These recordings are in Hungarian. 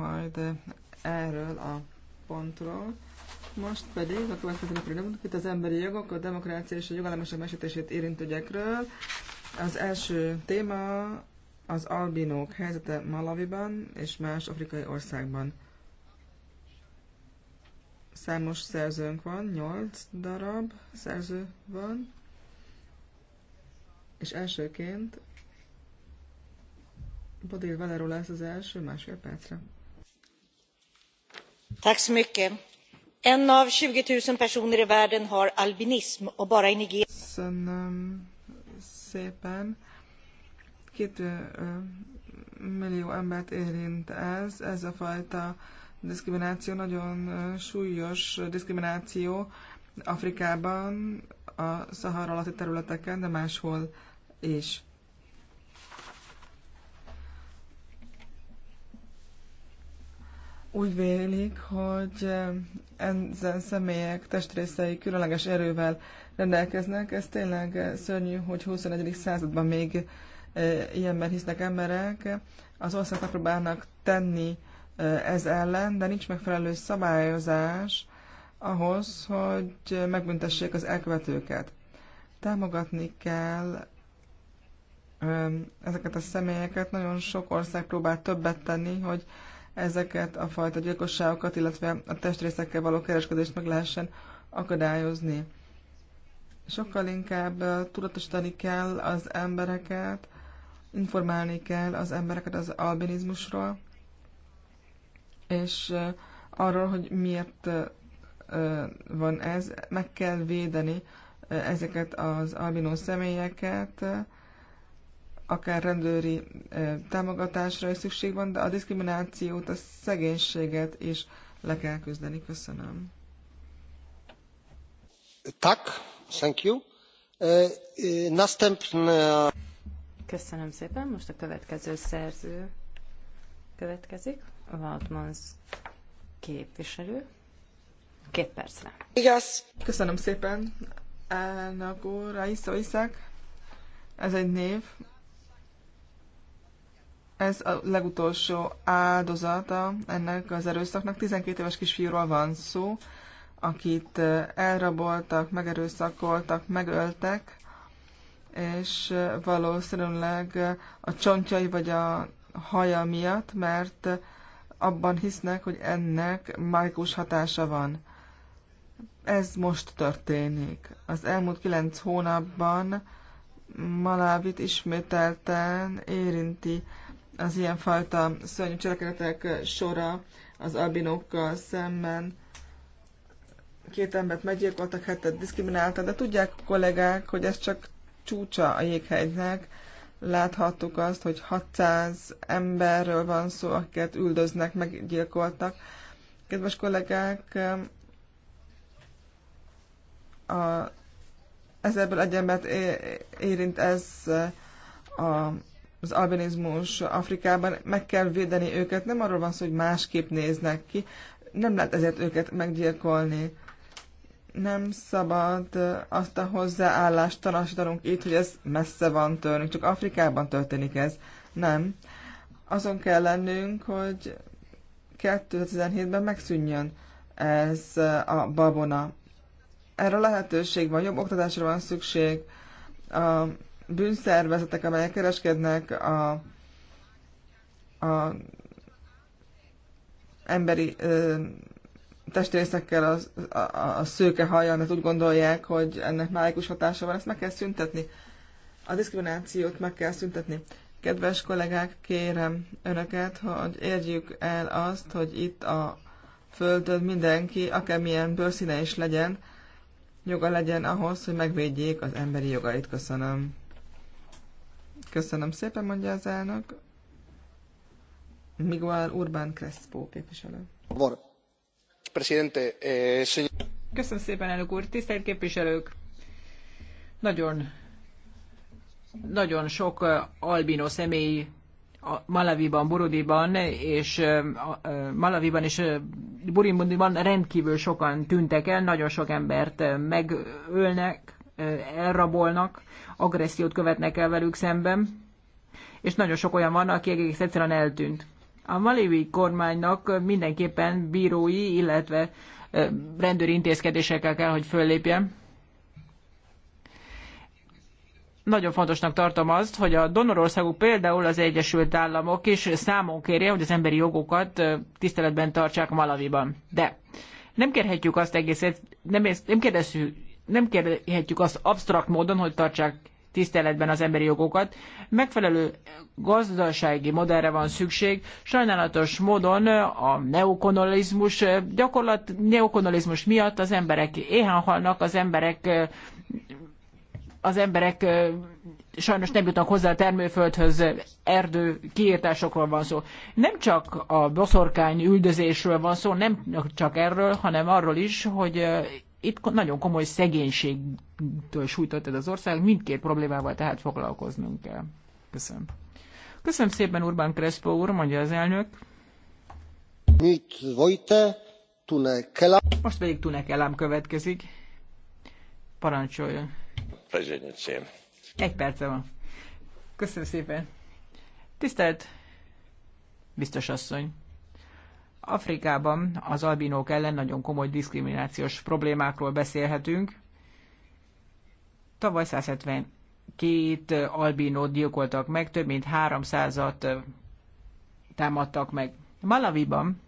majd erről a pontról. Most pedig a következő napra mondjuk itt az emberi jogok, a demokrácia és a jogállamiság megsértését érintő ügyekről. Az első téma az albinók helyzete Malaviban és más afrikai országban. Számos szerzőnk van, 8 darab szerző van. És elsőként Bodil Valero lesz az első másfél percre elnök asszony! en av tjugo tusen personer i världen har albinism och bara i nigeria. Ehm, két ehm, millió embert érint ez. ez a fajta diszkrimináció nagyon ehm, súlyos diszkrimináció afrikában a szahara alatti területeken de máshol is. úgy vélik, hogy eh, ezen személyek testrészei különleges erővel rendelkeznek. Ez tényleg szörnyű, hogy 21. században még eh, ilyenben hisznek emberek. Az ország próbálnak tenni eh, ez ellen, de nincs megfelelő szabályozás ahhoz, hogy megbüntessék az elkövetőket. Támogatni kell ezeket a személyeket. Nagyon sok ország próbál többet tenni, hogy ezeket a fajta gyilkosságokat, illetve a testrészekkel való kereskedést meg lehessen akadályozni. Sokkal inkább tudatosítani kell az embereket, informálni kell az embereket az albinizmusról, és arról, hogy miért van ez, meg kell védeni ezeket az albinó személyeket, akár rendőri támogatásra is szükség van, de a diszkriminációt, a szegénységet is le kell küzdeni. Köszönöm. Tak, thank you. Następne... Köszönöm szépen. Most a következő szerző következik. Valtmans képviselő. Két percre. Igaz. Köszönöm szépen. Elnagó úr, Raissa Ez egy név, ez a legutolsó áldozata ennek az erőszaknak. 12 éves kisfiúról van szó, akit elraboltak, megerőszakoltak, megöltek, és valószínűleg a csontjai vagy a haja miatt, mert abban hisznek, hogy ennek mágikus hatása van. Ez most történik. Az elmúlt kilenc hónapban Malávit ismételten érinti az ilyenfajta szörnyű cselekedetek sora az albinókkal szemben. Két embert meggyilkoltak, hetet diszkrimináltak, de tudják kollégák, hogy ez csak csúcsa a jéghegynek. Láthattuk azt, hogy 600 emberről van szó, akiket üldöznek, meggyilkoltak. Kedves kollégák, a, ezerből egy embert érint ez a az albinizmus Afrikában, meg kell védeni őket, nem arról van szó, hogy másképp néznek ki, nem lehet ezért őket meggyilkolni. Nem szabad azt a hozzáállást tanácsadunk itt, hogy ez messze van tőlünk, csak Afrikában történik ez. Nem. Azon kell lennünk, hogy 2017-ben megszűnjön ez a babona. Erre lehetőség van, jobb oktatásra van szükség, a bűnszervezetek, amelyek kereskednek a, a emberi ö, testrészekkel a, a, a szőke hajjal, mert úgy gondolják, hogy ennek máikus hatása van, ezt meg kell szüntetni. A diszkriminációt meg kell szüntetni. Kedves kollégák, kérem önöket, hogy érjük el azt, hogy itt a földön mindenki, akármilyen bőrszíne is legyen, joga legyen ahhoz, hogy megvédjék az emberi jogait. Köszönöm. Köszönöm szépen, mondja az elnök. Miguel Urbán Crespo képviselő. Eh, Köszönöm szépen, elnök úr. Tisztelt képviselők! Nagyon, nagyon sok eh, albino személy Malaviban, Burudiban és eh, Malaviban és Burudiban rendkívül sokan tűntek el, nagyon sok embert megölnek, elrabolnak, agressziót követnek el velük szemben, és nagyon sok olyan van, aki egész egyszerűen eltűnt. A malévi kormánynak mindenképpen bírói, illetve rendőri intézkedésekkel kell, hogy föllépjen. Nagyon fontosnak tartom azt, hogy a donorországok, például az Egyesült Államok is számon kérje, hogy az emberi jogokat tiszteletben tartsák Malaviban. De nem kérhetjük azt egész, nem, nem kérdezhetjük nem kérhetjük azt absztrakt módon, hogy tartsák tiszteletben az emberi jogokat. Megfelelő gazdasági modellre van szükség. Sajnálatos módon a neokonolizmus, gyakorlat neokonolizmus miatt az emberek éhen halnak, az emberek az emberek sajnos nem jutnak hozzá a termőföldhöz, erdő kiírtásokról van szó. Nem csak a boszorkány üldözésről van szó, nem csak erről, hanem arról is, hogy itt nagyon komoly szegénységtől sújtott ez az ország, mindkét problémával tehát foglalkoznunk kell. Köszönöm. Köszönöm szépen Urbán Crespo úr, mondja az elnök. Most pedig Tunek Elám következik. Parancsoljon. Egy perce van. Köszönöm szépen. Tisztelt biztos asszony. Afrikában az albinók ellen nagyon komoly diszkriminációs problémákról beszélhetünk. Tavaly 172 albinót gyilkoltak meg, több mint 300-at támadtak meg. Malaviban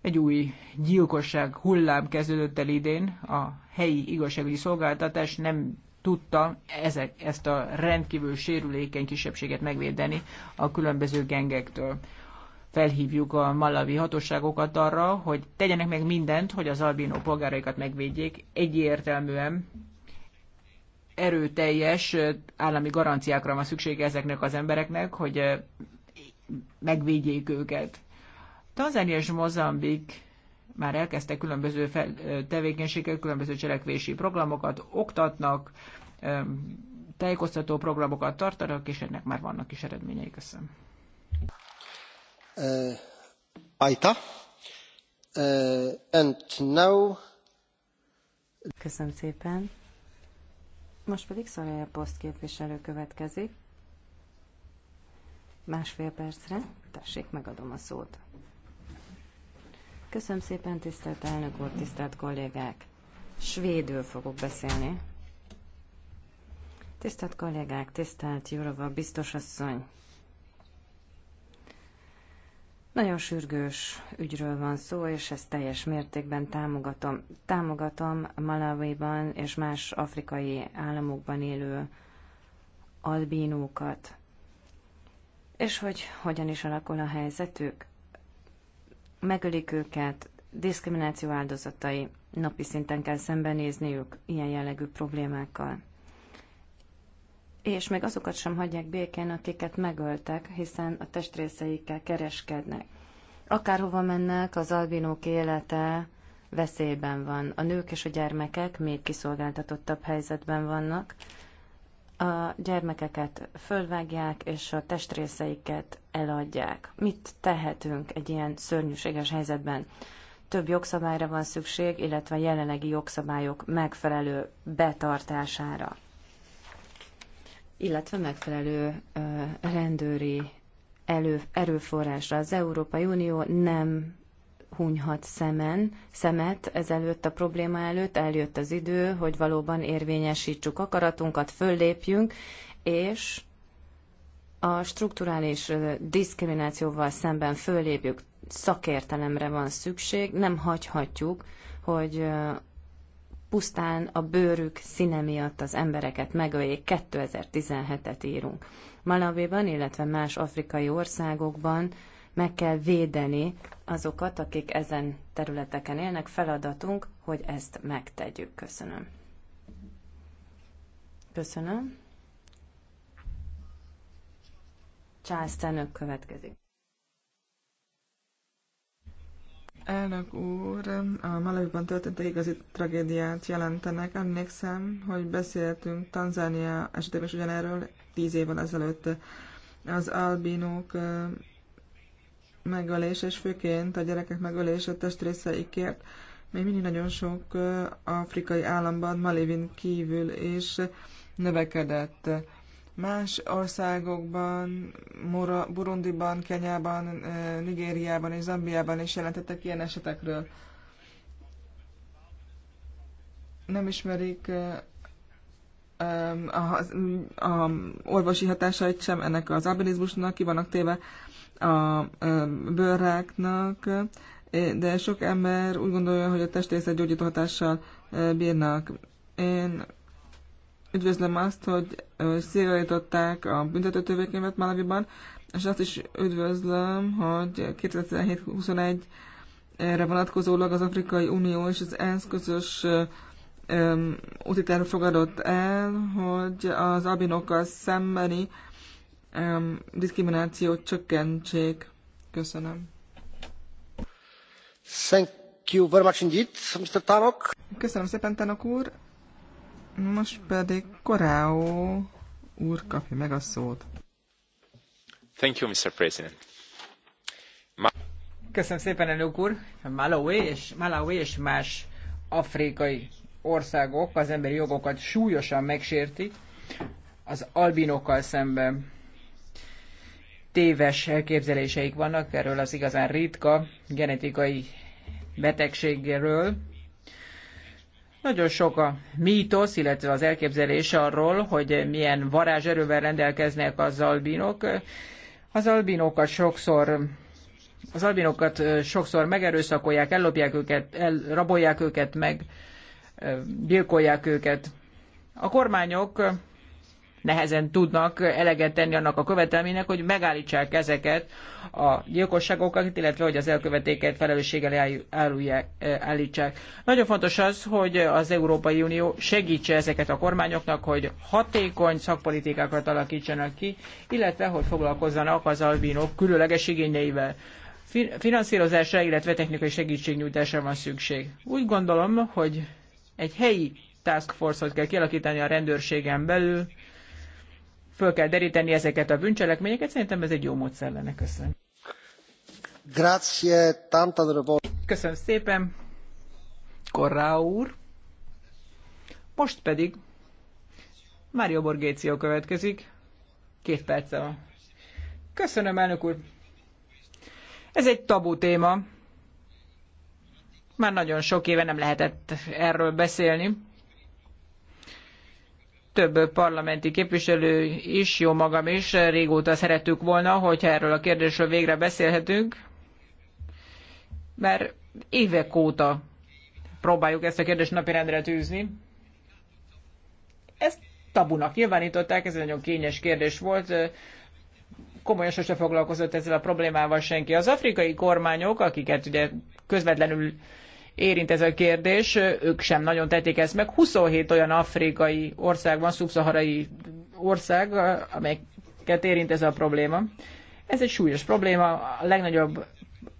egy új gyilkosság hullám kezdődött el idén, a helyi igazságügyi szolgáltatás nem tudta ezek, ezt a rendkívül sérülékeny kisebbséget megvédeni a különböző gengektől felhívjuk a malavi hatóságokat arra, hogy tegyenek meg mindent, hogy az albinó polgáraikat megvédjék. Egyértelműen erőteljes állami garanciákra van szüksége ezeknek az embereknek, hogy megvédjék őket. Tanzánia és Mozambik már elkezdte különböző tevékenységek, különböző cselekvési programokat, oktatnak, tájékoztató programokat tartanak, és ennek már vannak is eredményei. Köszönöm. Köszönöm szépen. Most pedig Szolja Poszt képviselő következik. Másfél percre. Tessék, megadom a szót. Köszönöm szépen, tisztelt elnök úr, tisztelt kollégák. Svédül fogok beszélni. Tisztelt kollégák, tisztelt Jurova asszony nagyon sürgős ügyről van szó, és ezt teljes mértékben támogatom. Támogatom Malawiban és más afrikai államokban élő albínókat. És hogy hogyan is alakul a helyzetük? Megölik őket, diszkrimináció áldozatai, napi szinten kell szembenézniük ilyen jellegű problémákkal és még azokat sem hagyják békén, akiket megöltek, hiszen a testrészeikkel kereskednek. Akárhova mennek, az albinók élete veszélyben van. A nők és a gyermekek még kiszolgáltatottabb helyzetben vannak. A gyermekeket fölvágják, és a testrészeiket eladják. Mit tehetünk egy ilyen szörnyűséges helyzetben? Több jogszabályra van szükség, illetve a jelenlegi jogszabályok megfelelő betartására illetve megfelelő rendőri elő, erőforrásra. Az Európai Unió nem hunyhat szemen, szemet ezelőtt a probléma előtt, eljött az idő, hogy valóban érvényesítsük akaratunkat, föllépjünk, és a strukturális diszkriminációval szemben föllépjük, szakértelemre van szükség, nem hagyhatjuk, hogy pusztán a bőrük színe miatt az embereket megöljék. 2017-et írunk. Malawiban, illetve más afrikai országokban meg kell védeni azokat, akik ezen területeken élnek. Feladatunk, hogy ezt megtegyük. Köszönöm. Köszönöm. Charles Tenök következik. Elnök úr, a Malawiban egy igazi tragédiát jelentenek. Emlékszem, hogy beszéltünk Tanzánia esetében is ugyanerről tíz évvel ezelőtt. Az albinók megölése, és főként a gyerekek megölése testrészeikért még mindig nagyon sok afrikai államban, Malévin kívül is növekedett. Más országokban, Burundiban, Kenyában, Nigériában és Zambiában is jelentettek ilyen esetekről. Nem ismerik a, a orvosi hatásait sem ennek az albinizmusnak, ki vannak téve a bőrráknak, de sok ember úgy gondolja, hogy a testrészet gyógyító hatással bírnak. Én Üdvözlöm azt, hogy szélreállították a büntető tevékenyet Malaviban, és azt is üdvözlöm, hogy 2017-21 vonatkozólag az Afrikai Unió és az ENSZ közös úti fogadott el, hogy az albinokkal szembeni um, diszkriminációt csökkentsék. Köszönöm. Thank you very much indeed, Mr. Tanok. Köszönöm szépen, Tanok úr. Most pedig Koráó úr kapja meg a szót. Thank you, Mr. President. Ma- Köszönöm szépen, elnök úr. Malawi és, Malawi és más afrikai országok az emberi jogokat súlyosan megsértik, az albinokkal szemben téves elképzeléseik vannak erről az igazán ritka genetikai betegségről, nagyon sok a mítosz, illetve az elképzelés arról, hogy milyen varázserővel rendelkeznek az albinok. Az albinokat sokszor az albinokat sokszor megerőszakolják, ellopják őket, elrabolják őket meg, gyilkolják őket. A kormányok nehezen tudnak eleget tenni annak a követelménynek, hogy megállítsák ezeket a gyilkosságokat, illetve hogy az elkövetéket felelősséggel eh, állítsák. Nagyon fontos az, hogy az Európai Unió segítse ezeket a kormányoknak, hogy hatékony szakpolitikákat alakítsanak ki, illetve hogy foglalkozzanak az albinok különleges igényeivel finanszírozásra, illetve technikai segítségnyújtásra van szükség. Úgy gondolom, hogy egy helyi task force-ot kell kialakítani a rendőrségen belül, föl kell deríteni ezeket a bűncselekményeket. Szerintem ez egy jó módszer lenne. Köszönöm. Grazie, Köszönöm szépen, Korrá úr. Most pedig Mário Borgéció következik. Két perce van. Köszönöm, elnök úr. Ez egy tabu téma. Már nagyon sok éve nem lehetett erről beszélni több parlamenti képviselő is, jó magam is, régóta szerettük volna, hogyha erről a kérdésről végre beszélhetünk, mert évek óta próbáljuk ezt a kérdést napirendre tűzni. Ezt tabunak nyilvánították, ez egy nagyon kényes kérdés volt, komolyan sose foglalkozott ezzel a problémával senki. Az afrikai kormányok, akiket ugye közvetlenül érint ez a kérdés, ők sem nagyon tették ezt meg. 27 olyan afrikai ország van, szubszaharai ország, amelyeket érint ez a probléma. Ez egy súlyos probléma, a legnagyobb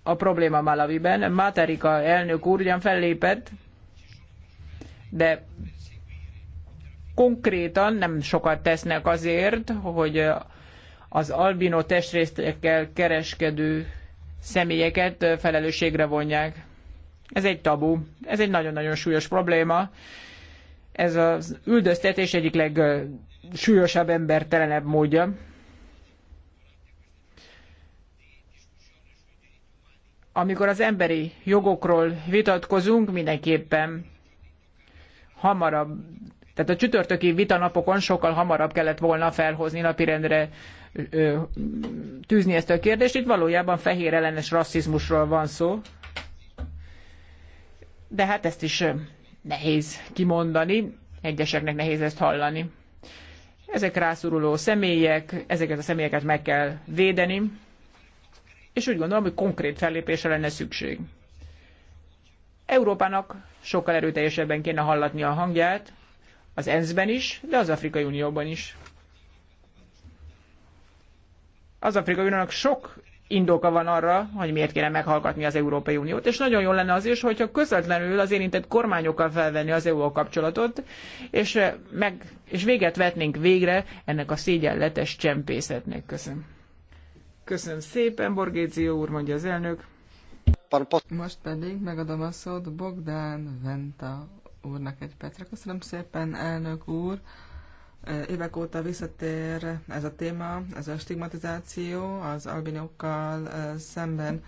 a probléma Malawiben. Materika elnök úr ugyan fellépett, de konkrétan nem sokat tesznek azért, hogy az albino testrészekkel kereskedő személyeket felelősségre vonják. Ez egy tabu, ez egy nagyon-nagyon súlyos probléma. Ez az üldöztetés egyik legsúlyosabb embertelenebb módja. Amikor az emberi jogokról vitatkozunk, mindenképpen hamarabb, tehát a csütörtöki vitanapokon sokkal hamarabb kellett volna felhozni napirendre tűzni ezt a kérdést. Itt valójában fehér ellenes rasszizmusról van szó de hát ezt is nehéz kimondani, egyeseknek nehéz ezt hallani. Ezek rászoruló személyek, ezeket a személyeket meg kell védeni, és úgy gondolom, hogy konkrét fellépésre lenne szükség. Európának sokkal erőteljesebben kéne hallatni a hangját, az ENSZ-ben is, de az Afrikai Unióban is. Az Afrikai Uniónak sok indoka van arra, hogy miért kéne meghallgatni az Európai Uniót, és nagyon jó lenne az is, hogyha közvetlenül az érintett kormányokkal felvenni az EU-val kapcsolatot, és, eh, meg, és véget vetnénk végre ennek a szégyenletes csempészetnek. Köszönöm. Köszönöm szépen, Borgézió úr, mondja az elnök. Most pedig megadom a szót Bogdán Venta úrnak egy percre. Köszönöm szépen, elnök úr. Eh, évek óta visszatér ez a téma, ez a stigmatizáció az albinokkal eh, szemben.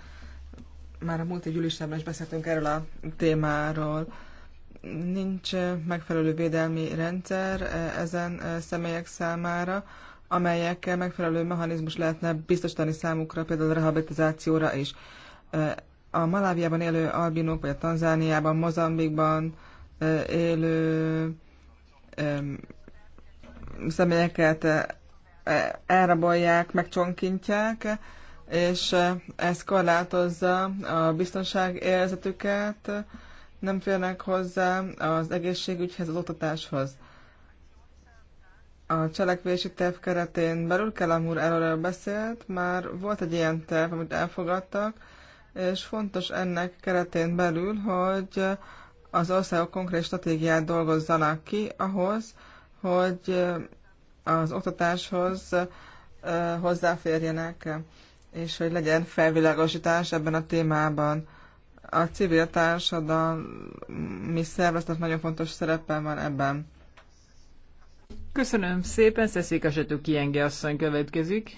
Már a múlt egy is beszéltünk erről a témáról. Nincs eh, megfelelő védelmi rendszer ezen személyek számára, amelyekkel megfelelő mechanizmus lehetne biztosítani számukra, például a rehabilitációra is. A Maláviában élő albinok vagy a Tanzániában, Mozambikban élő személyeket e, e, elrabolják, megcsonkintják, és e, ez korlátozza a biztonság érzetüket, nem férnek hozzá az egészségügyhez, az oktatáshoz. A cselekvési terv keretén belül Kellam úr erről beszélt, már volt egy ilyen terv, amit elfogadtak, és fontos ennek keretén belül, hogy az országok konkrét stratégiát dolgozzanak ki ahhoz, hogy az oktatáshoz hozzáférjenek, és hogy legyen felvilágosítás ebben a témában. A civil társadalmi szervezet nagyon fontos szerepe van ebben. Köszönöm szépen, Szeszik Esetű Kienge asszony következik.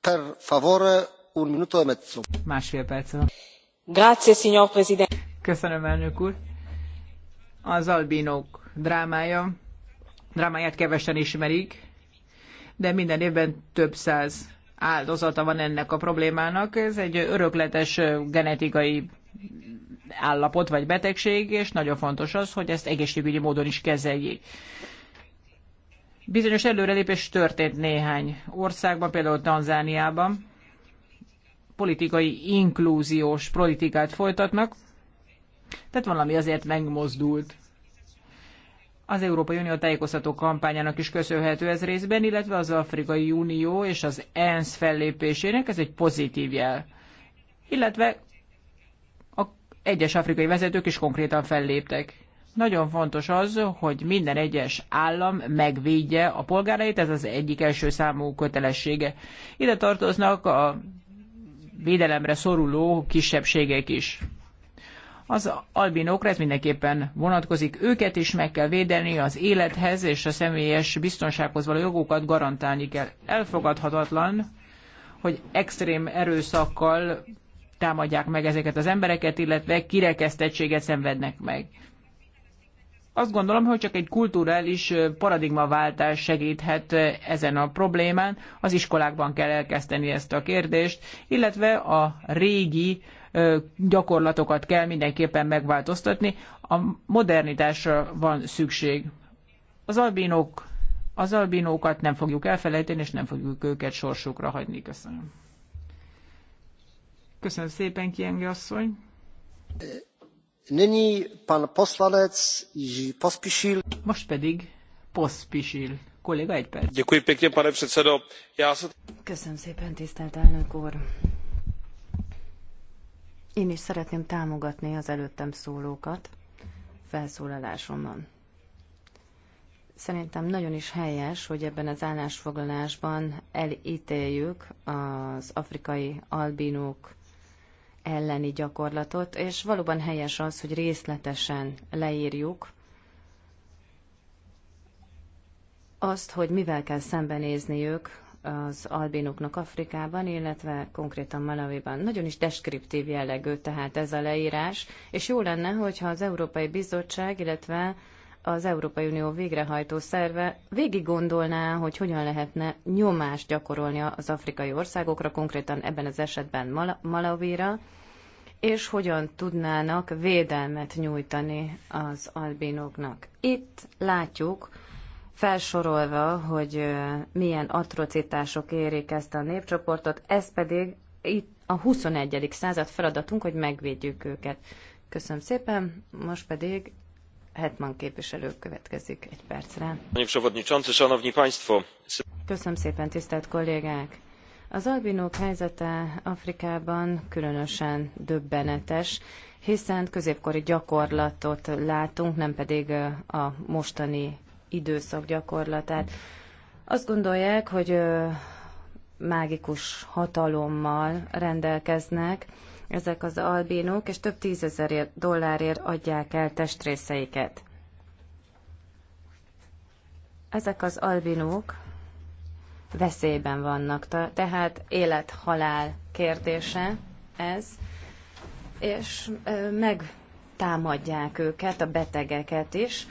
Per favore, un minuto e mezzo. Másfél perc van. Grazie, signor Presidente. Köszönöm, elnök úr. Az albinók drámája drámáját kevesen ismerik, de minden évben több száz áldozata van ennek a problémának. Ez egy örökletes genetikai állapot vagy betegség, és nagyon fontos az, hogy ezt egészségügyi módon is kezeljék. Bizonyos előrelépés történt néhány országban, például Tanzániában. Politikai inklúziós politikát folytatnak, tehát valami azért megmozdult. Az Európai Unió tájékoztató kampányának is köszönhető ez részben, illetve az Afrikai Unió és az ENSZ fellépésének ez egy pozitív jel. Illetve a egyes afrikai vezetők is konkrétan felléptek. Nagyon fontos az, hogy minden egyes állam megvédje a polgárait, ez az egyik első számú kötelessége. Ide tartoznak a védelemre szoruló kisebbségek is. Az albinókra ez mindenképpen vonatkozik. Őket is meg kell védeni, az élethez és a személyes biztonsághoz való jogokat garantálni kell. Elfogadhatatlan, hogy extrém erőszakkal támadják meg ezeket az embereket, illetve kirekesztettséget szenvednek meg. Azt gondolom, hogy csak egy kulturális paradigmaváltás segíthet ezen a problémán. Az iskolákban kell elkezdeni ezt a kérdést, illetve a régi gyakorlatokat kell mindenképpen megváltoztatni. A modernitásra van szükség. Az albinók az albinókat nem fogjuk elfelejteni, és nem fogjuk őket sorsukra hagyni. Köszönöm. Köszönöm szépen, Kiengi asszony pan Most pedig Pospisil kolléga egy perc. Děkuji pěkně, pane předsedo. Já se... Köszönöm szépen, tisztelt elnök úr. Én is szeretném támogatni az előttem szólókat felszólalásomban. Szerintem nagyon is helyes, hogy ebben az állásfoglalásban elítéljük az afrikai albinók elleni gyakorlatot, és valóban helyes az, hogy részletesen leírjuk azt, hogy mivel kell szembenézniük az albinoknak Afrikában, illetve konkrétan Malawiban. Nagyon is deskriptív jellegű tehát ez a leírás, és jó lenne, hogyha az Európai Bizottság, illetve az Európai Unió végrehajtó szerve végig gondolná, hogy hogyan lehetne nyomást gyakorolni az afrikai országokra, konkrétan ebben az esetben Mal- Malavira, és hogyan tudnának védelmet nyújtani az albinoknak. Itt látjuk, felsorolva, hogy milyen atrocitások érik ezt a népcsoportot, ez pedig itt a 21. század feladatunk, hogy megvédjük őket. Köszönöm szépen, most pedig Hetman képviselő következik egy percre. Köszönöm szépen, tisztelt kollégák! Az albinók helyzete Afrikában különösen döbbenetes, hiszen középkori gyakorlatot látunk, nem pedig a mostani időszak gyakorlatát. Azt gondolják, hogy mágikus hatalommal rendelkeznek, ezek az albínók, és több tízezer dollárért adják el testrészeiket. Ezek az albinók veszélyben vannak, tehát élet-halál kérdése ez, és megtámadják őket, a betegeket is.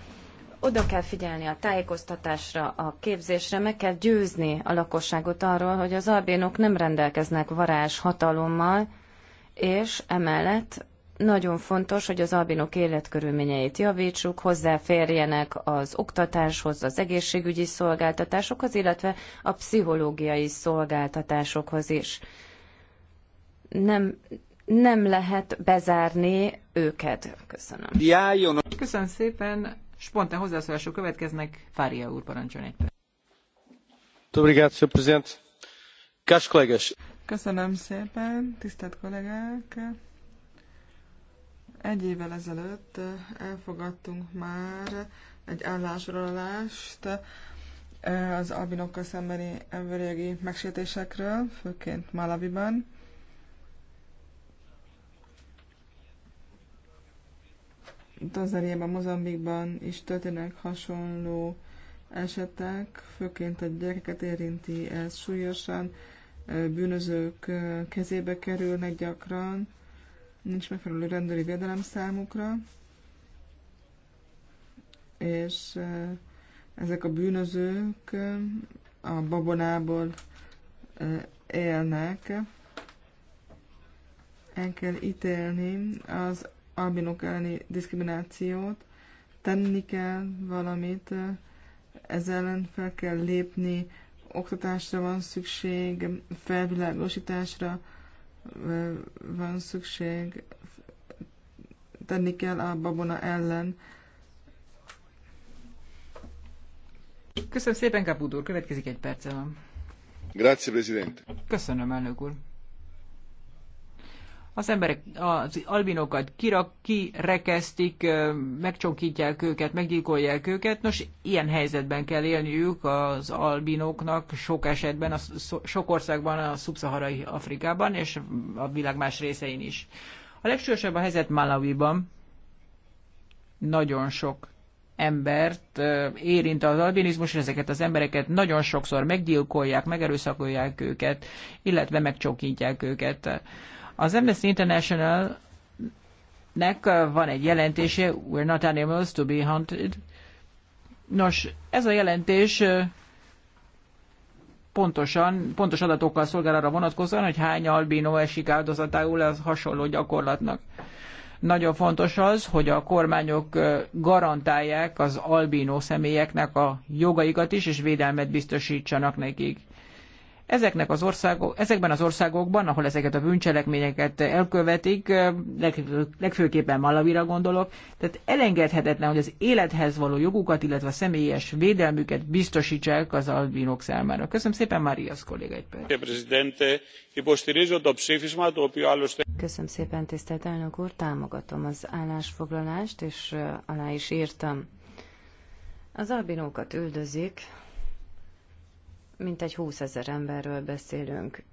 Oda kell figyelni a tájékoztatásra, a képzésre, meg kell győzni a lakosságot arról, hogy az albénok nem rendelkeznek varázs hatalommal, és emellett nagyon fontos, hogy az albinok életkörülményeit javítsuk, hozzáférjenek az oktatáshoz, az egészségügyi szolgáltatásokhoz, illetve a pszichológiai szolgáltatásokhoz is. Nem, nem lehet bezárni őket. Köszönöm. Jáljon. Köszönöm szépen. Spontán hozzászólások következnek. Fária úr parancsoljon egy perc. Köszönöm szépen, tisztelt kollégák! Egy évvel ezelőtt elfogadtunk már egy állásrólást az albinokkal szembeni emberi megsértésekről, főként Malawiban. Tanzániában, Mozambikban is történnek hasonló esetek, főként a gyerekeket érinti ez súlyosan, bűnözők kezébe kerülnek gyakran, nincs megfelelő rendőri védelem számukra, és ezek a bűnözők a babonából élnek. El kell ítélni az albinok elleni diszkriminációt, tenni kell valamit, ezzel ellen fel kell lépni oktatásra van szükség, felvilágosításra van szükség, tenni kell a babona ellen. Köszönöm szépen, Kapudor. Következik egy perce van. Grazie, Presidente. Köszönöm, elnök úr az emberek, az albinokat kirak, kirekeztik, megcsonkítják őket, meggyilkolják őket. Nos, ilyen helyzetben kell élniük az albinoknak sok esetben, a, sok országban, a szubszaharai Afrikában és a világ más részein is. A legsősebb a helyzet Malawiban. Nagyon sok embert érint az albinizmus, ezeket az embereket nagyon sokszor meggyilkolják, megerőszakolják őket, illetve megcsókítják őket. Az Amnesty International nek van egy jelentése, We're not animals to be hunted. Nos, ez a jelentés pontosan, pontos adatokkal szolgál arra vonatkozóan, hogy hány albino esik áldozatául az hasonló gyakorlatnak. Nagyon fontos az, hogy a kormányok garantálják az albínó személyeknek a jogaikat is, és védelmet biztosítsanak nekik. Ezeknek az országok, ezekben az országokban, ahol ezeket a bűncselekményeket elkövetik, legfőképpen Malavira gondolok, tehát elengedhetetlen, hogy az élethez való jogukat, illetve a személyes védelmüket biztosítsák az albinok számára. Köszönöm szépen, Marias kolléga egy Köszönöm szépen, tisztelt elnök úr, támogatom az állásfoglalást, és alá is írtam. Az albinókat üldözik, mintegy 20 ezer emberről beszélünk.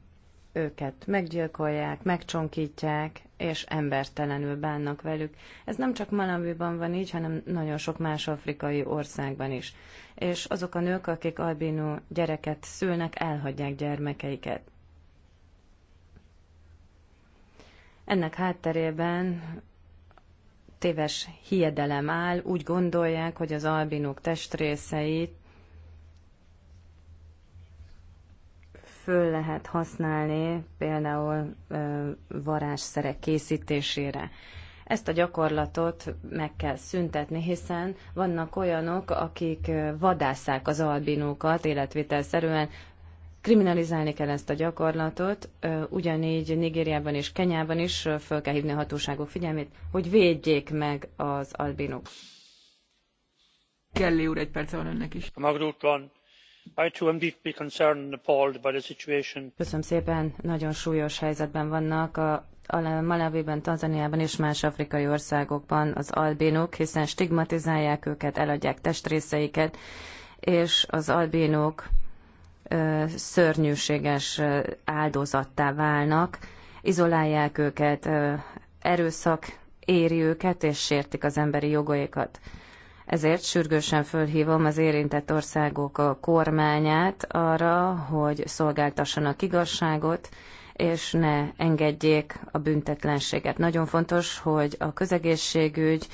Őket meggyilkolják, megcsonkítják, és embertelenül bánnak velük. Ez nem csak Malambiban van így, hanem nagyon sok más afrikai országban is. És azok a nők, akik albinó gyereket szülnek, elhagyják gyermekeiket. Ennek hátterében téves hiedelem áll, úgy gondolják, hogy az albinók testrészeit föl lehet használni például varázsszerek készítésére. Ezt a gyakorlatot meg kell szüntetni, hiszen vannak olyanok, akik vadászák az albinókat életvitelszerűen, kriminalizálni kell ezt a gyakorlatot, ugyanígy Nigériában és Kenyában is föl kell hívni a hatóságok figyelmét, hogy védjék meg az albinok. Kelly úr, egy perc van önnek is. Magrúton I Köszönöm szépen, nagyon súlyos helyzetben vannak a Malawiban, Tanzaniában és más afrikai országokban az albénok hiszen stigmatizálják őket, eladják testrészeiket, és az albénok szörnyűséges áldozattá válnak, izolálják őket, erőszak éri őket, és sértik az emberi jogaikat. Ezért sürgősen fölhívom az érintett országok a kormányát arra, hogy szolgáltassanak igazságot, és ne engedjék a büntetlenséget. Nagyon fontos, hogy a közegészségügy,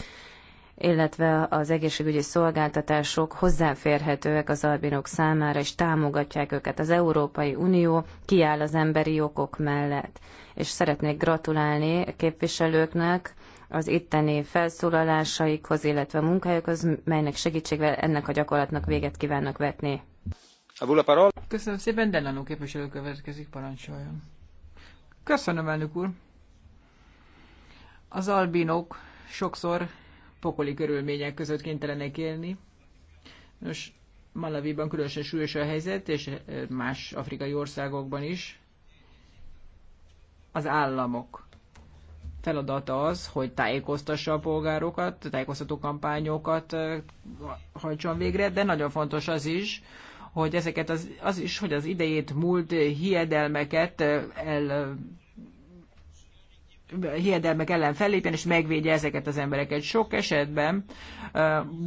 illetve az egészségügyi szolgáltatások hozzáférhetőek az albinok számára, és támogatják őket. Az Európai Unió kiáll az emberi jogok mellett. És szeretnék gratulálni a képviselőknek az itteni felszólalásaikhoz, illetve a munkájukhoz, melynek segítségvel ennek a gyakorlatnak véget kívánnak vetni. Köszönöm szépen, Dellanó képviselő következik, parancsoljon. Köszönöm, elnök úr. Az albinok sokszor pokoli körülmények között kénytelenek élni. Nos, Malaviban különösen súlyos a helyzet, és eh, más afrikai országokban is. Az államok feladata az, hogy tájékoztassa a polgárokat, tájékoztató kampányokat hajtson végre, de nagyon fontos az is, hogy ezeket az, az is, hogy az idejét múlt hiedelmeket el hiedelmek ellen fellépjen, és megvédje ezeket az embereket. Sok esetben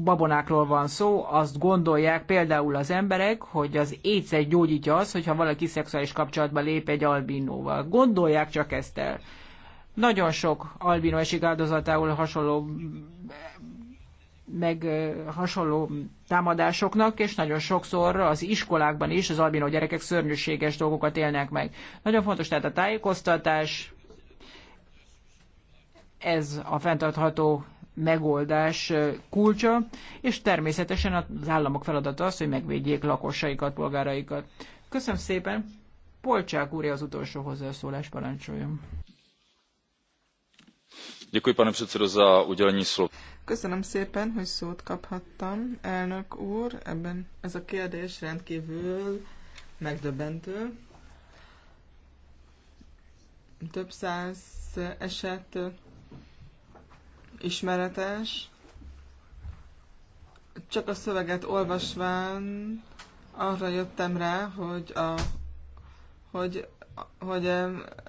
babonákról van szó, azt gondolják például az emberek, hogy az éjszer gyógyítja az, hogyha valaki szexuális kapcsolatba lép egy albinóval. Gondolják csak ezt el. Nagyon sok albino esik áldozatául hasonló meg hasonló támadásoknak, és nagyon sokszor az iskolákban is az albino gyerekek szörnyűséges dolgokat élnek meg. Nagyon fontos tehát a tájékoztatás, ez a fenntartható megoldás kulcsa, és természetesen az államok feladata az, hogy megvédjék lakosaikat, polgáraikat. Köszönöm szépen! Polcsák úr az utolsó hozzászólás parancsoljon pane předsedající köszönöm szépen hogy szót kaphattam elnök úr ebben ez a kérdés rendkívül megdöbbentő több száz eset ismeretes csak a szöveget olvasván arra jöttem rá hogy a hogy hogy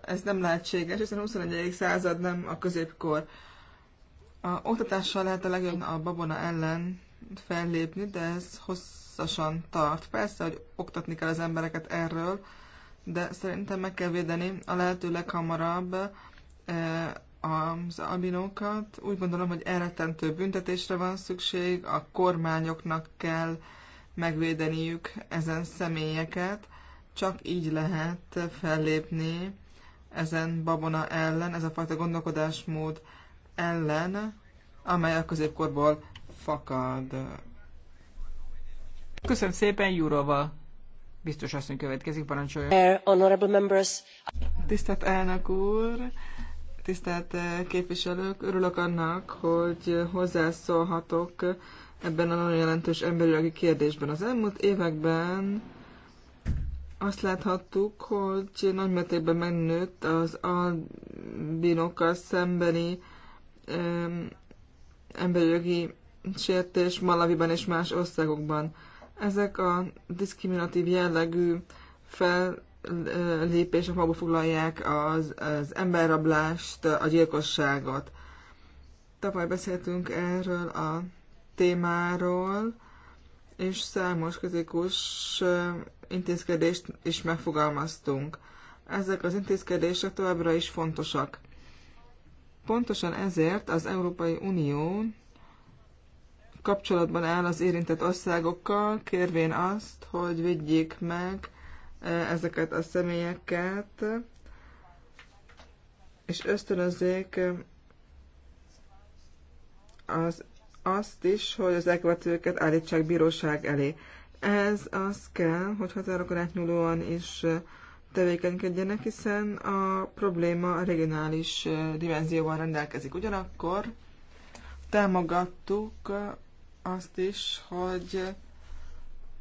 ez nem lehetséges, hiszen a 21. század nem a középkor. A oktatással lehet a legjobb a babona ellen fellépni, de ez hosszasan tart. Persze, hogy oktatni kell az embereket erről, de szerintem meg kell védeni a lehető leghamarabb eh, az albinókat. Úgy gondolom, hogy elrettentő büntetésre van szükség, a kormányoknak kell megvédeniük ezen személyeket, csak így lehet fellépni ezen babona ellen, ez a fajta gondolkodásmód ellen, amely a középkorból fakad. Köszönöm szépen, Jurova. Biztos asszony következik, parancsolja. Tisztelt elnök úr, tisztelt eh, képviselők, örülök annak, hogy hozzászólhatok ebben a nagyon jelentős emberi kérdésben. Az elmúlt években azt láthattuk, hogy nagy mértékben megnőtt az albinokkal szembeni emberi jogi sértés Malaviban és más országokban. Ezek a diszkriminatív jellegű fellépések magukba foglalják az, az emberrablást, a gyilkosságot. Tavaly beszéltünk erről a témáról, és számos kritikus intézkedést is megfogalmaztunk. Ezek az intézkedések továbbra is fontosak. Pontosan ezért az Európai Unió kapcsolatban áll az érintett országokkal, kérvén azt, hogy vigyék meg ezeket a személyeket, és ösztönözzék az azt is, hogy az elkövetőket állítsák bíróság elé. Ez az kell, hogy határokon átnyúlóan is tevékenykedjenek, hiszen a probléma regionális dimenzióval rendelkezik. Ugyanakkor támogattuk azt is, hogy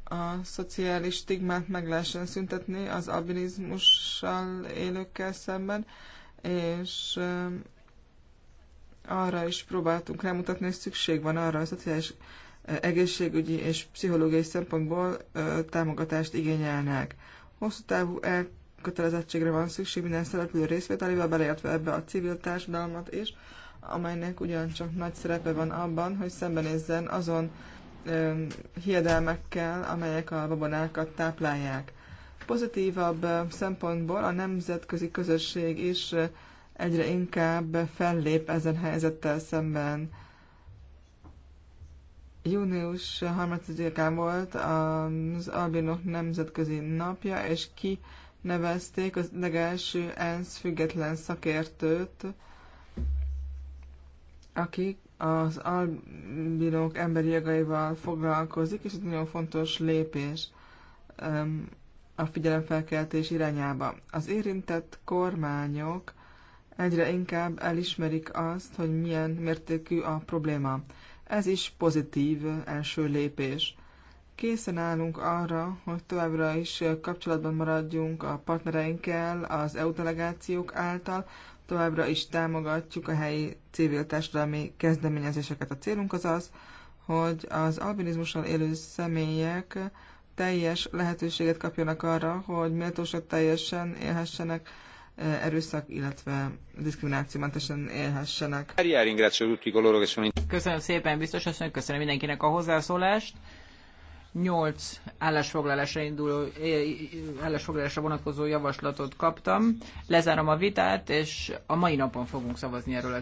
a szociális stigmát meg lehessen szüntetni az albinizmussal élőkkel szemben, és arra is próbáltunk rámutatni, hogy szükség van arra a szociális egészségügyi és pszichológiai szempontból támogatást igényelnek. Hosszú távú elkötelezettségre van szükség minden szereplő részvételével, beleértve ebbe a civil társadalmat is, amelynek ugyancsak nagy szerepe van abban, hogy szembenézzen azon ö, hiedelmekkel, amelyek a babonákat táplálják. Pozitívabb szempontból a nemzetközi közösség is egyre inkább fellép ezen helyzettel szemben. Június 30-án volt az albinok nemzetközi napja, és ki nevezték az legelső ENSZ független szakértőt, aki az albinók emberi jogaival foglalkozik, és ez nagyon fontos lépés a figyelemfelkeltés irányába. Az érintett kormányok egyre inkább elismerik azt, hogy milyen mértékű a probléma. Ez is pozitív első lépés. Készen állunk arra, hogy továbbra is kapcsolatban maradjunk a partnereinkkel, az EU delegációk által, továbbra is támogatjuk a helyi civil társadalmi kezdeményezéseket. A célunk az az, hogy az albinizmussal élő személyek teljes lehetőséget kapjanak arra, hogy méltóság teljesen élhessenek erőszak, illetve diszkriminációmentesen élhessenek. Köszönöm szépen, biztos asszony, köszönöm mindenkinek a hozzászólást. Nyolc állásfoglalásra, induló, állásfoglalásra vonatkozó javaslatot kaptam. Lezárom a vitát, és a mai napon fogunk szavazni erről a